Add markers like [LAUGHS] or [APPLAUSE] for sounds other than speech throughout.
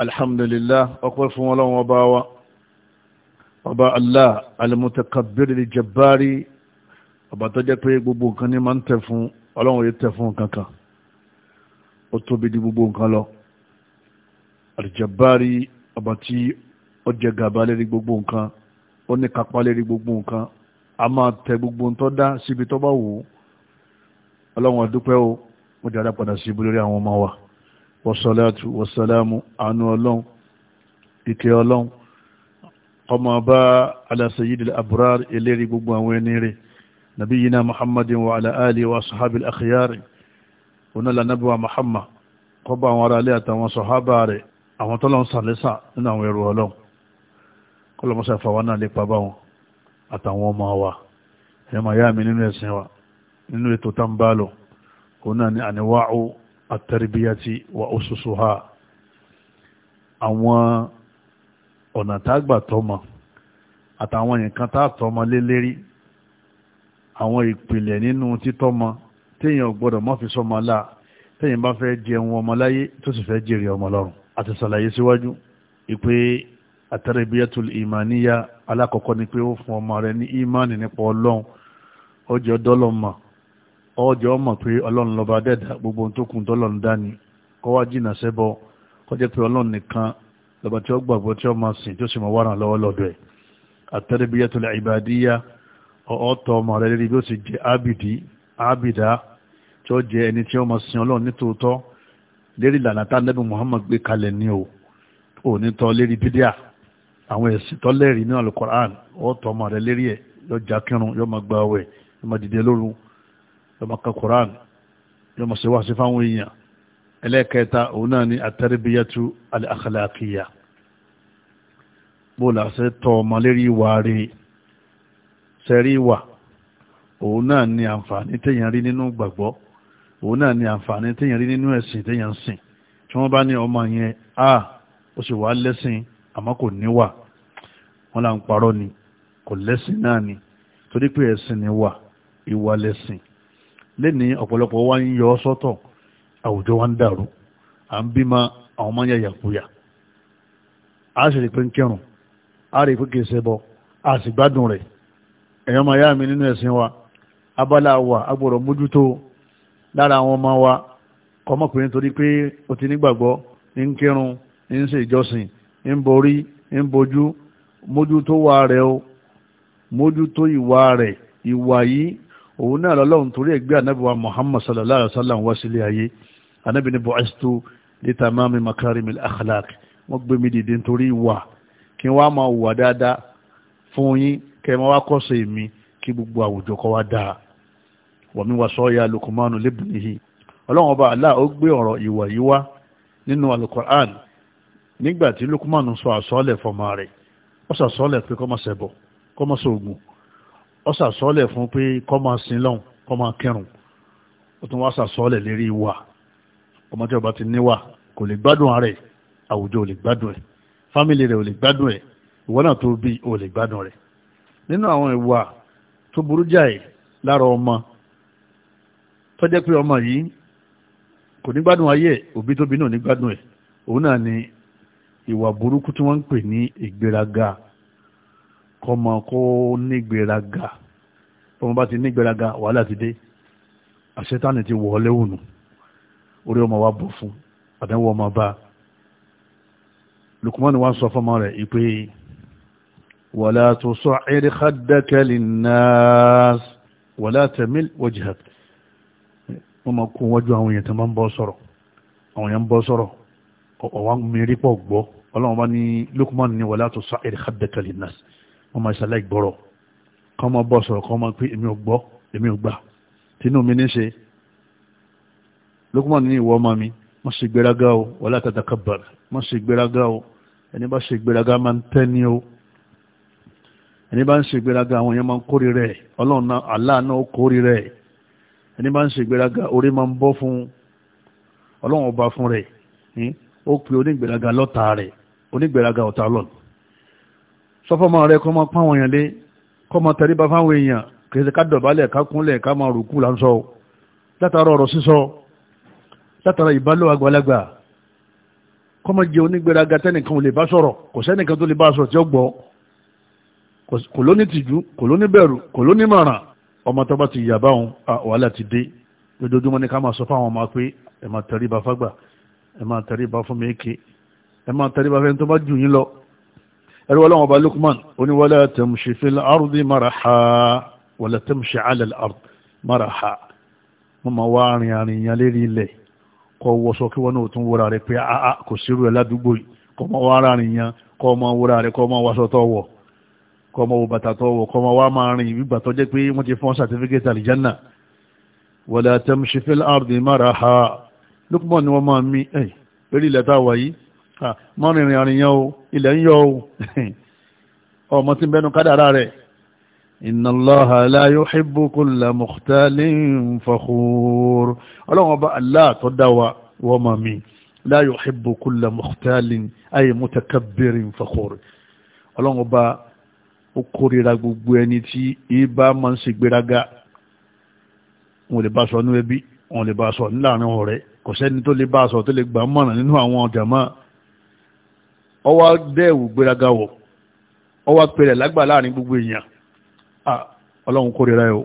alhamdulillah ọpẹ́ fún ọlọ́run ọba wa ọba allah alimutakabbiri jabari ọba tó jẹ́ pé gbogbo nǹkan ní máa ń tẹ̀ fún ọlọ́run yìí tẹ̀ fún kankan ó tóbi di gbogbo nǹkan lọ alijabari ọba tí ó jẹ gàba lérí gbogbo nǹkan ó ní kápá lérí gbogbo nǹkan a máa tẹ gbogbo ń tọ́ dá síbi tó bá wù ú ọlọ́run a o mo jẹ́ adápadà sí ibú lórí àwọn ọmọ wa wọ́sọ̀látù wọ́sọ̀lámù àánú ọlọ́run ìkẹ́ ọlọ́run ọmọ bá ala sayyidil abrar eléri gbogbo àwọn ẹni rẹ̀ nabiyyina muhammadin wa ala alihi wa sahabil akhyari onílà nabuwa muhammad kọba àwọn ará alẹ́ àtàwọn sọ̀hábà rẹ̀ àwọn tọ́lọ́n sàlẹ́sà nínú àtẹ̀rẹ̀bíyàtì wà ususuha àwọn ọ̀nà tágbà tọ́mọ àtàwọn nǹkan tá tọ́mọ lé lérí àwọn ìpìlẹ̀ nínú títọ́mọ téèyàn gbọ́dọ̀ má fi sọ́mọ lá téèyàn bá fẹ́ jẹun ọmọ láyé tó sì fẹ́ jèrè ọmọ lọ́run àti sàlàyé síwájú ìpè àtẹ̀rẹ̀bíyàtì ìmàníyà alákọ̀ọ́kọ́ ni pé ó fún ọmọ rẹ ní ìmánì nípa ọlọ́run ọjọ́ dọ́lọ́mọ ọjọ́ mọ̀ pé ọlọ́run lọ́ba dẹ́dà gbogbo tó kùn tọ́lọ́run dání kọ́ wá jìnà sẹ́bọ kọ́ pé ọlọ́run nìkan lọ́ba tí ó gbàgbọ́ tí ó máa sìn tí sì máa wárà lọ́wọ́ lọ́dọ̀ ẹ̀ ọ̀ọ́tọ̀ ọmọ rẹ̀ lérí bí ó sì jẹ́ ábìdí ábìdá tí ó jẹ́ ẹni tí ó máa sìn ọlọ́run nítòótọ́ o tọ́ lérí bídíà àwọn ẹ̀sìn yọ yọ máa lọ́mọ ka Quran lọ́mọ ṣe wáṣí fáwọn èèyàn ẹlẹ́ẹ̀kẹta òun náà ni at-tarbiyatu al-akhlaqiyya bóòlù àṣẹ tọ́ ọmọ lérí ìwà rẹ̀ sẹ́rí ìwà òun náà ni àǹfààní téèyàn rí nínú gbàgbọ́ òun náà ni àǹfààní téèyàn rí nínú ẹ̀sìn téèyàn ń sìn tí wọ́n bá ní ọmọ yẹn a ó sì wá lẹ́sìn àmọ́ kò níwà wọ́n là ń parọ́ ni kò lẹ́sìn náà ni torí pé ẹ̀sìn ni wà ìwà lẹ́sìn lẹ́ni ọ̀pọ̀lọpọ̀ wa ń yọ sọ́tọ̀ àwùjọ wa ń dàrú à ń ma àwọn ọmọ yẹn a sì rí pé ń kírun a rí pé kìí ṣẹbọ a sì gbádùn rẹ máa yá mi nínú ẹ̀sìn wa abala wa a mójútó lára àwọn ọmọ wa kọ́mọkùnrin torí pé o ti nígbàgbọ́ ń kírun ń ṣe ìjọsìn ń borí ń mójútó wa rẹ o mójútó ìwà rẹ̀ ìwà yìí òun náà lọ́lọ́run torí ẹgbẹ́ anábì wa Muhammad sallallahu alaihi wa sallam wá sílé ayé anábì ní bu'istu li tamami makarimil akhlaq wọ́n gbé mi dìde nítorí wà kí wọ́n á máa wà dáadáa fún yín kẹ́ máa wá kọ́sọ̀ èmi kí gbogbo àwùjọ kọ́ wá dáa wa min wasaya Luqmanu libnihi ọlọ́run ọba nínú alukur'an nígbà tí sọ àsọ́ọ̀lẹ̀ fọmọ rẹ̀ pé kọ́mọ̀sẹ̀bọ̀ kọ́mọ̀sẹ̀ ògùn ó sàsọ́ọ̀lẹ̀ fún pé kó máa sin lọ́hùn kó máa kírun ó tún wá sàsọ́ọ̀lẹ̀ lérí ìwà ọmọ tí ó bá ti níwà kò lè gbádùn ara ẹ̀ àwùjọ ò lè gbádùn ẹ̀ fámìlì rẹ̀ ò lè gbádùn ẹ̀ ìwọ náà tó bí ò lè gbádùn rẹ̀ nínú àwọn ìwà tó burú jáì lára ọmọ tó jẹ́ pé ọmọ yìí kò ní gbádùn ayé ẹ̀ òbí tóbi náà ní gbádùn ẹ̀ òun náà ni ìwà burúkú tí wọ́n ń pè ní ìgbéraga kọmọ kó nígbèraga ọmọ bá ti nígbèraga wàhálà ti dé àṣetánì ti wọ̀ ọ́ léwùnù orí ọmọ wa bọ̀ fún àdánwò ọmọ bá lukumani wa sọ fọmọ rẹ̀ ìpè wàlá tó sọ ẹ̀rí kádàkẹ́lì náà wàlá tẹ̀míl wọ́jìhàt wọ́n ma kún wájú àwọn èèyàn tó máa ń bọ́ sọ̀rọ̀ àwọn èèyàn ń bọ́ sọ̀rọ̀ ọ̀wọ́n mẹ́rí pọ̀ gbọ́ ọlọ́run bá ní lukumani ni wàlá tó sọ ẹ̀rí kádàkẹ́lì náà wọ́n máa ṣàlàyé gbọ́rọ̀ kọ́ máa bọ́ sọ̀rọ̀ kọ́ máa pé èmi ò gbọ́ èmi ò gbà tínú mi ní ṣe Lukman ní ìwọ ọmọ mi má ṣe gbéraga o wala tatakabbar má ṣe gbéraga o ẹni bá ṣe gbéraga máa ń tẹ́ ní o ẹni bá ń ṣe gbéraga àwọn èèyàn máa ń kórè rẹ̀ ọlọ́run náà aláàánú kórè rẹ̀ ẹni bá ń ṣe gbéraga orí máa ń bọ́ fún ọlọ́run ọba fún rẹ̀ hmm? ó pe onígbéraga lọ́ta rẹ̀ onígbéraga ọ̀tá ọlọ́run sọ́fọ́mọ́ rẹ kọ́ mọ́ pàwọn èèyàn lé kọ́ mọ́ tẹríba fáwọn èèyàn kìí ṣe ká dọ̀bálẹ̀ ká kúnlẹ̀ ká máa rùkú là ń sọ látara ọ̀rọ̀ sísọ látara ìbálò àgbàlagbà kọ́ mọ́ jẹ́ onígbéraga tẹ́nìkan ò lè bá sọ̀rọ̀ kò sẹ́nìkan tó lè bá sọ̀rọ̀ tí ó gbọ́ kò ló ní tìjú kò ló ní bẹ̀rù kò ló ní màrà ọmọ tó ti yà báwọn wàhálà ti dé lójoojúmọ́ ni ká máa sọ fáwọn ọmọ pé ẹ máa tẹríba fágbà ẹ máa tẹríba fún mi éke ẹ máa tẹríba fẹ́ni tó bá jù yín lọ ẹ̀rọ ọlọ́wọ́n ọba Lukman oníwọlé tamshi fil ardi maraha wala tamshi ala al-ard maraha wọ́n máa wá arìn arìn yẹn lérí ilẹ̀ kọ́ wọ́sọ kí wọ́n náà tún wọ́ra rẹ̀ pé àá kò sírú ẹ̀ ládùúgbò yìí kọ́ máa wá arìn yẹn kọ́ máa wọ́ra rẹ̀ kọ́ máa wáṣọ tọ́wọ̀ kọ́ máa wọ bàtà tọ́wọ̀ kọ́ máa wá máa rìn ìgbà tó jẹ́ pé wọ́n ti fọ́n sàtífíkẹ́tì àlìjánà wala tamshi fil ardi maraha Lukman ni wọ́n máa mí ẹ̀ eré ilẹ̀ táwa yìí mọ́ rìnrìn àrìyàn o ilẹ̀ ń yọ o [LAUGHS] ọmọ tí ń bẹnu kádàrá rẹ̀ inna Allaha la yuhibbu kulla mukhtalin fakhur ọlọ́run ọba Allah tó dáwà wọ́n mọ̀ mi la yuhibbu kulla mukhtalin ay mutakabbirin fakhur ọlọ́run ọba ó kórira gbogbo ẹni tí ibà máa ń ṣe gbéraga wọn lè bá sọ nínú ẹbí wọn lè bá sọ níláàrin ọ̀rẹ́ kò sẹ́ni tó lè bá sọ tó lè gbà mọ̀ràn nínú àwọn jàmáà ọwá dẹ́ẹ̀wù gbéraga wọ̀ ọwá pẹ̀rẹ̀ lágbà láàrin gbogbo èèyàn ọlọ́run kórìíra ẹ̀ o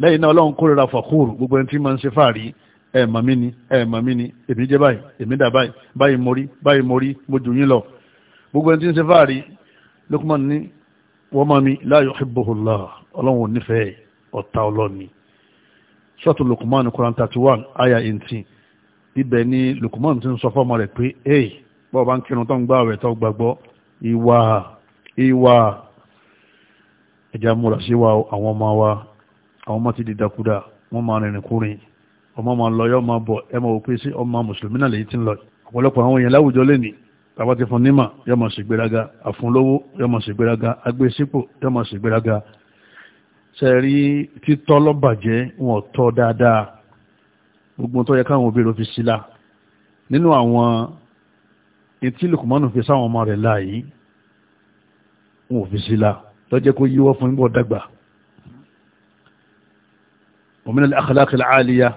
lẹ́yìn náà ọlọ́run kórìíra fàkúrù gbogbo ẹni tí máa ń ṣe fàárí ẹ̀ mọ̀ mí ni ẹ̀ mọ̀ mí ni èmi jẹ́ báyìí èmi dà báyìí báyìí mo rí báyìí mo rí mo jù yín lọ gbogbo ẹni tí ń ṣe fàárí Lukman ní wọ́n mọ̀ mi la yuhibbuhullah ọlọ́run ò nífẹ̀ẹ́ ọ̀tá ọlọ́ni sọ́tù Lukman Quran thirty one aya eighteen ibẹ̀ ni Lukman ti ń sọ fọ́ọ̀mù rẹ̀ pé bọ́ọ̀ bá ń kírun tó ń gbá rẹ̀ tó gbàgbọ́ ìwà ìwà ẹja múra sí wa àwọn ọmọ wa àwọn ọmọ ti di dákúdà wọ́n máa rìnrìn kúrin ọmọ máa lọ yọ́ máa bọ̀ ẹ máa wò pé sí ọmọ mùsùlùmí náà lèyí ti ń lọ ọ̀pọ̀lọpọ̀ àwọn èèyàn láwùjọ lẹ́nìí tàbá ti fún nímà yọ mọ̀ sí àfúnlówó yọ mọ̀ sí gbéraga agbésípò yọ mọ̀ sí gbéraga sẹ́rí títọ́ lọ́bàjẹ́ wọn tọ́ dáadáa gbogbo tó yẹ káwọn òbí rò fi sílá nínú àwọn tí lukumanu fi sáwọn ọmọ rẹ̀ láàyè wọn ò fi sí la tọ́jẹ́ kó yíwọ́ fún bọ́ dàgbà òmìnira al-akhlaq al-aliya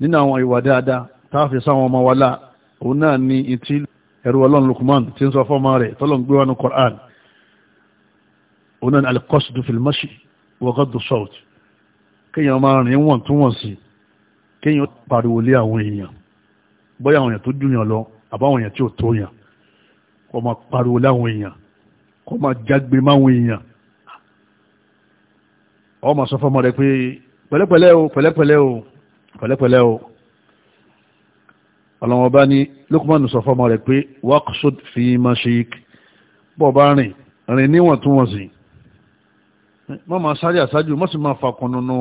nínú àwọn ìwà dáadáa táà fi sáwọn ọmọ wa láà òun náà ni ìtí ẹ̀rù ọlọ́run lukman tí ń sọ fọ́mọ rẹ̀ tọ́lọ̀n gbé wánú Qur'an òun náà ni al-qasdu fil mashi wa ghaddu kéèyàn máa rìn wọ̀n tún wọ̀n sí kéèyàn pariwo lé àwọn èèyàn bóyá àwọn èèyàn tó dùn yàn lọ àbáwọn èèyàn tí ò tó yàn kó máa pariwo láwọn èèyàn kó máa jágbe máwọn èèyàn ọ máa sọ fọmọ rẹ pé pẹ̀lẹ́pẹ̀lẹ́ o pẹ̀lẹ́pẹ̀lẹ́ o pẹ̀lẹ́pẹ̀lẹ́ o ọlọ́wọ́n bá ní Lukman sọ fọmọ rẹ pé waqsud fi mashik bọ́ bá rìn rìn níwọ̀ntúnwọ̀nsì mọ́ máa sáré àṣáájú mọ́ sì máa fakùn nínú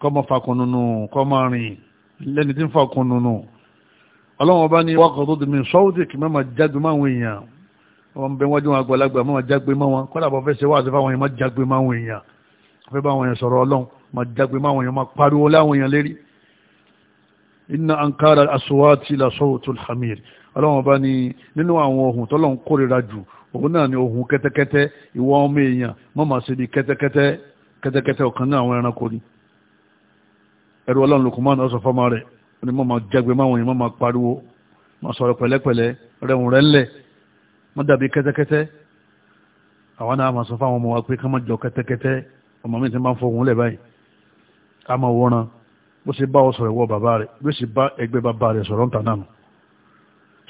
kọ́ máa fakùn nínú kọ́ máa rìn lẹ́ni tí ń fakùn nínú ọlọ́wọ́n bá ní wákọ̀ tó dùnmí sọ́ọ́dì kì máa jágbe máwọn èèyàn wọ́n bẹ wájú wọn àgbàlagbà máa jágbe máwọn kọ́dà bọ́ fẹ́ ṣe wáṣẹ fáwọn èèyàn máa jágbe máwọn èèyàn fẹ́ bá àwọn èèyàn sọ̀rọ̀ ọlọ́run máa jágbe máwọn èèyàn máa pariwo láwọn èèyàn lérí inna ankara aswati la sawtul hamir ọlọ́wọ́n bá ní nínú àwọn ohun tọ́lọ́run kórira jù òun náà ni ó ní mọ́mọ́ jágbe máwọn èèyàn mọ́mọ́ pariwo mọ́ sọ̀rọ̀ pẹ̀lẹ́pẹ̀lẹ́ rẹ̀hùn rẹ̀ ńlẹ̀ mọ́ dàbí kẹ́tẹ́kẹ́tẹ́ àwọn náà máa sọ fáwọn ọmọ wa pé ká má jọ kẹ́tẹ́kẹ́tẹ́ ọmọ mi ti máa ń fohùn lẹ̀ báyìí ká máa wọ́ran bó ṣe bá ọ sọ̀rọ̀ ìwọ bàbá rẹ̀ bí ṣe bá ẹgbẹ́ bàbá rẹ̀ sọ̀rọ̀ ńta náà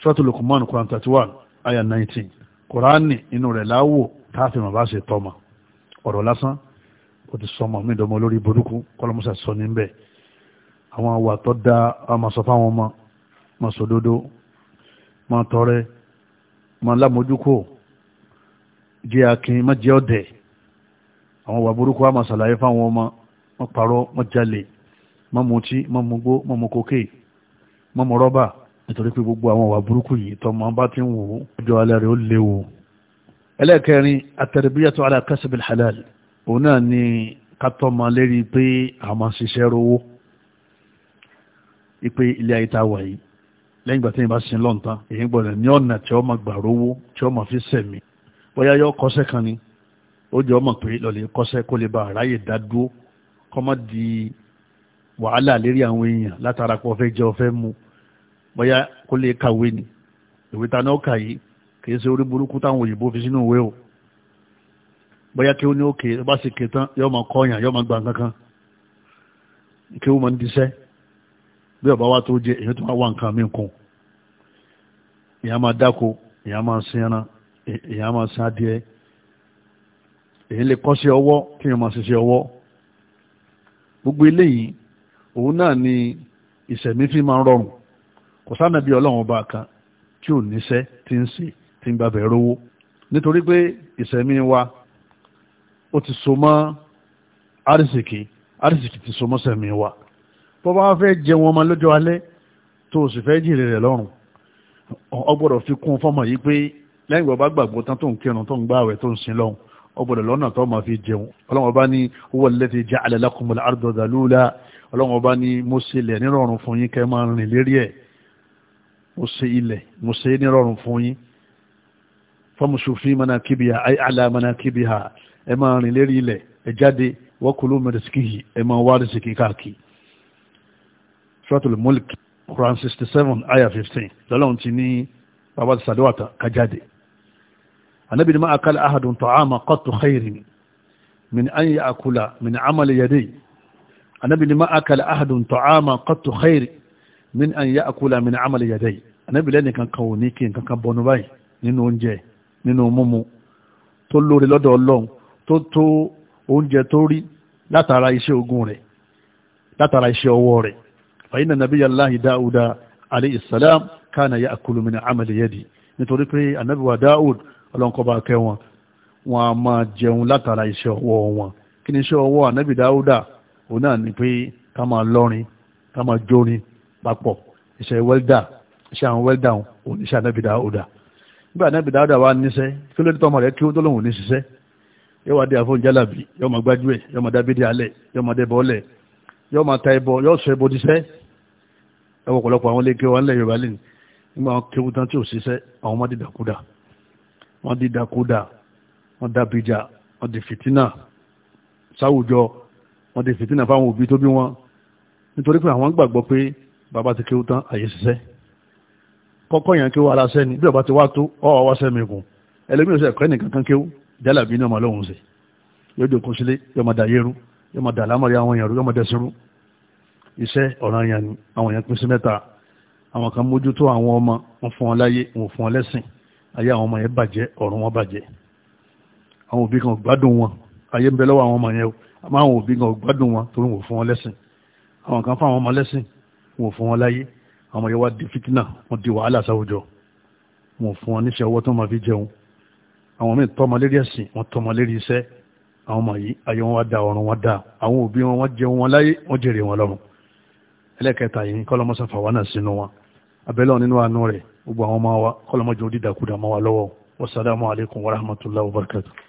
Suratul Luqman Quran thirty one ayah nineteen Kùránì inú rẹ̀ láwò táàfin bàbá ṣe tọ́mà ọ̀rọ̀ lásán ó ti sọmọ mí dọmọ lórí burúkú kọ́lọ́mùsà sọ ní bẹ́ẹ̀ àwọn àwà tó dá àmàsọ̀fà wọn mọ́ ma sòdodo ma tọrẹ ma lámójúkò jẹ́ akin má jẹ́ ọ̀dẹ̀ àwọn àwà burúkú àmàsàlàyé fáwọn ọmọ ma parọ́ ma jalè ma mutí ma mugbó ma mu kókè ma mu rọ́bà nítorí pé gbogbo àwọn àwà burúkú yìí tó ma bá ti ń wò ó ọjọ́ alẹ́ rẹ̀ ó léwu ẹlẹ́ẹ̀kẹrin atẹ̀rẹ̀bíyàtò alákàṣẹ́bẹ̀ halal òun náà ni kátọ́ ma lérí pé àmà ṣiṣẹ́ rówó ipe ilé ayé tá a wà yìí lẹ́yìn ìgbà tí yẹn bá sin lọ́ntàn èyí gbọ́dọ̀ ní ọ̀nà tí ọmọ gbà rówó tí ọmọ fi sẹ̀mí bóyá yọ kọ́sẹ́ kan ni ó jẹ́ ọmọ pé lọ́lẹ̀ kọ́sẹ́ kó lè ba àráyè dá dúró kọ́ mọ́ di wàhálà lérí àwọn èèyàn látara pé ọ̀fẹ́ jẹ́ ọ̀fẹ́ mu bóyá kó lè kàwé ni ìwé ta náà kà yìí kìí ṣe orí burúkú táwọn òyìnbó fi sínú ìwé o bóyá kí ó ní òkè bá sì ké tán yọ bí ọba wa tó jẹ èyí tó wá wà nǹkan mí kún èyí á máa dáko èyí á máa sin ẹran èyí á máa sin adìẹ èyí lè kọ́ sí ọwọ́ kí èyí máa ṣiṣẹ́ ọwọ́ gbogbo eléyìí òun náà ni ìṣẹ̀mí fi máa ń rọrùn kò sáà nàbí ọlọ́run ọba kan tí ò níṣẹ́ tí ń ṣe tí ń gbàfẹ́ rówó nítorí pé ìṣẹ̀mí wa ó ti so mọ́ àrísìkì àrísìkì ti so mọ́ sẹ̀mí wa tó bá fẹ́ jẹun ọmọ lọ́jọ́ alẹ́ tó o sì fẹ́ jèrè rẹ̀ lọ́rùn ọ gbọ́dọ̀ fi kún fọ́mọ yìí pé lẹ́yìn ìgbà bá gbàgbọ́ tán tó ń kírun tó ń gbá àwẹ̀ tó ń sin lọ́hùn ọ lọ́nà tó máa fi jẹun ọlọ́wọ́n ní owó lẹ́tì ja'ala lakumul arda dhalula ọlọ́wọ́n bá ní mo ṣe ilẹ̀ nírọ̀rùn fún yín kẹ́ máa rìn lérí ẹ̀ mo ṣe ilẹ̀ mo ṣe nírọ̀rùn fún yín famshu fi manakibiha ay ala manakibiha ẹ máa rìn lérí ilẹ̀ ẹ jáde wa kulu min ẹ máa wá rìsíkì káàkiri suratul mulk quran sixty seven ayah fifteen lọ́lọ́run ti ní bàbá ti sàdéwà kájáde anabi ni ma akala ahadun ta'ama qattu khairin min an ya'kula min amali yadayhi anabi ni ma akala ahadun ta'ama qattu khairin min an ya'kula min amali yadayhi anabi lẹ́ni kankan ò ní kí n kankan bọnu báyìí nínú oúnjẹ nínú múmu tó lórí lọ́dọ̀ ọlọ́run tó tó oúnjẹ tó rí látara iṣẹ́ ogun rẹ̀ látara iṣẹ́ ọwọ́ rẹ̀ fàyínà nàbíyà láhi dáúdà alayhi salam kánà yá àkùlùmínà amali yadi nítorí pé ànábìwà dáúd ọlọ́nkọba kẹwọn wọn a máa jẹun látara iṣẹ́ ọwọ́ wọn kí ni iṣẹ́ ọwọ́ ànábì dáúdà òun náà ni pé ká máa lọ́rin ká máa jórin papọ̀ iṣẹ́ wẹ́ldà iṣẹ́ àwọn wẹ́ldà òun iṣẹ́ ànábì dáúdà nígbà ànábì dáúdà wà níṣẹ́ kí ló dé tọ́mọ rẹ̀ kí ó tó ní ṣiṣẹ́ yóò wá dé àfọ̀njálàbí yóò máa gbájú yóò máa dábídé alẹ̀ yóò máa dẹ́bọ̀ yóò máa ta ẹbọ yóò sọ ẹbọ diṣẹ́ ẹwọ ọ̀pọ̀lọpọ̀ àwọn ilé kéwà ńlẹ̀ yorùbá lẹ́yìn nígbà wọn kéwù tán tí ò ṣiṣẹ́ àwọn ọmọ dídàkúdà wọn dídàkúdà wọn dàbíjà wọn di fìtínà sáwùjọ wọn di fìtínà fáwọn òbí tó bí wọn nítorí pé àwọn gbàgbọ́ pé bàbá ti kéwù tán àyè ṣiṣẹ́ kọ́kọ́ yẹn kéwù ara sẹ́ni bí ọba ti wá tó ọ̀ wá sẹ́mi kù ẹlẹ́mìí ọ̀sẹ̀ iṣẹ́ ọ̀ràn yẹn ni àwọn èèyàn pín sí mẹ́ta àwọn kan mójútó àwọn ọmọ wọn fún wọn láyé wọn fún wọn lẹ́sìn ayé àwọn ọmọ yẹn bàjẹ́ ọ̀run wọn bàjẹ́ àwọn òbí kan gbádùn wọn ayé ń bẹ lọ́wọ́ àwọn ọmọ yẹn o àmọ́ àwọn òbí kan gbádùn wọn torí wọn fún wọn lẹ́sìn àwọn kan fún àwọn ọmọ lẹ́sìn wọn fún wọn láyé àwọn yẹn wá di fìtínà wọn di wàhálà sáwùjọ wọn fún wọn níṣẹ́ ọwọ́ tó máa fi jẹun àwọn míì tọ́ ọmọ lérí ẹ̀sìn wọn tọ́ ọmọ lérí iṣẹ́ àwọn ọmọ yìí ayé wọn wá da ọ̀run wọn da àwọn òbí wọn wọn jẹun wọn láyé wọn jèrè wọn lọ́rùn ẹlẹ́kẹta yìí kọ́lọ́mọ́sá fà wá náà sínú wa abẹ́lẹ́ nínú àánú rẹ̀ gbogbo àwọn ọmọ wa kọ́lọ́mọ́jọ́ dídàkudà mọ́ wa lọ́wọ́ wasalaamu alaykum wa rahmatullahi wa